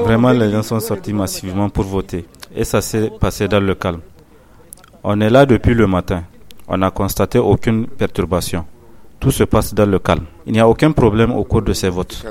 Vraiment, les gens sont sortis massivement pour voter et ça s'est passé dans le calme. On est là depuis le matin. On n'a constaté aucune perturbation. Tout se passe dans le calme. Il n'y a aucun problème au cours de ces votes.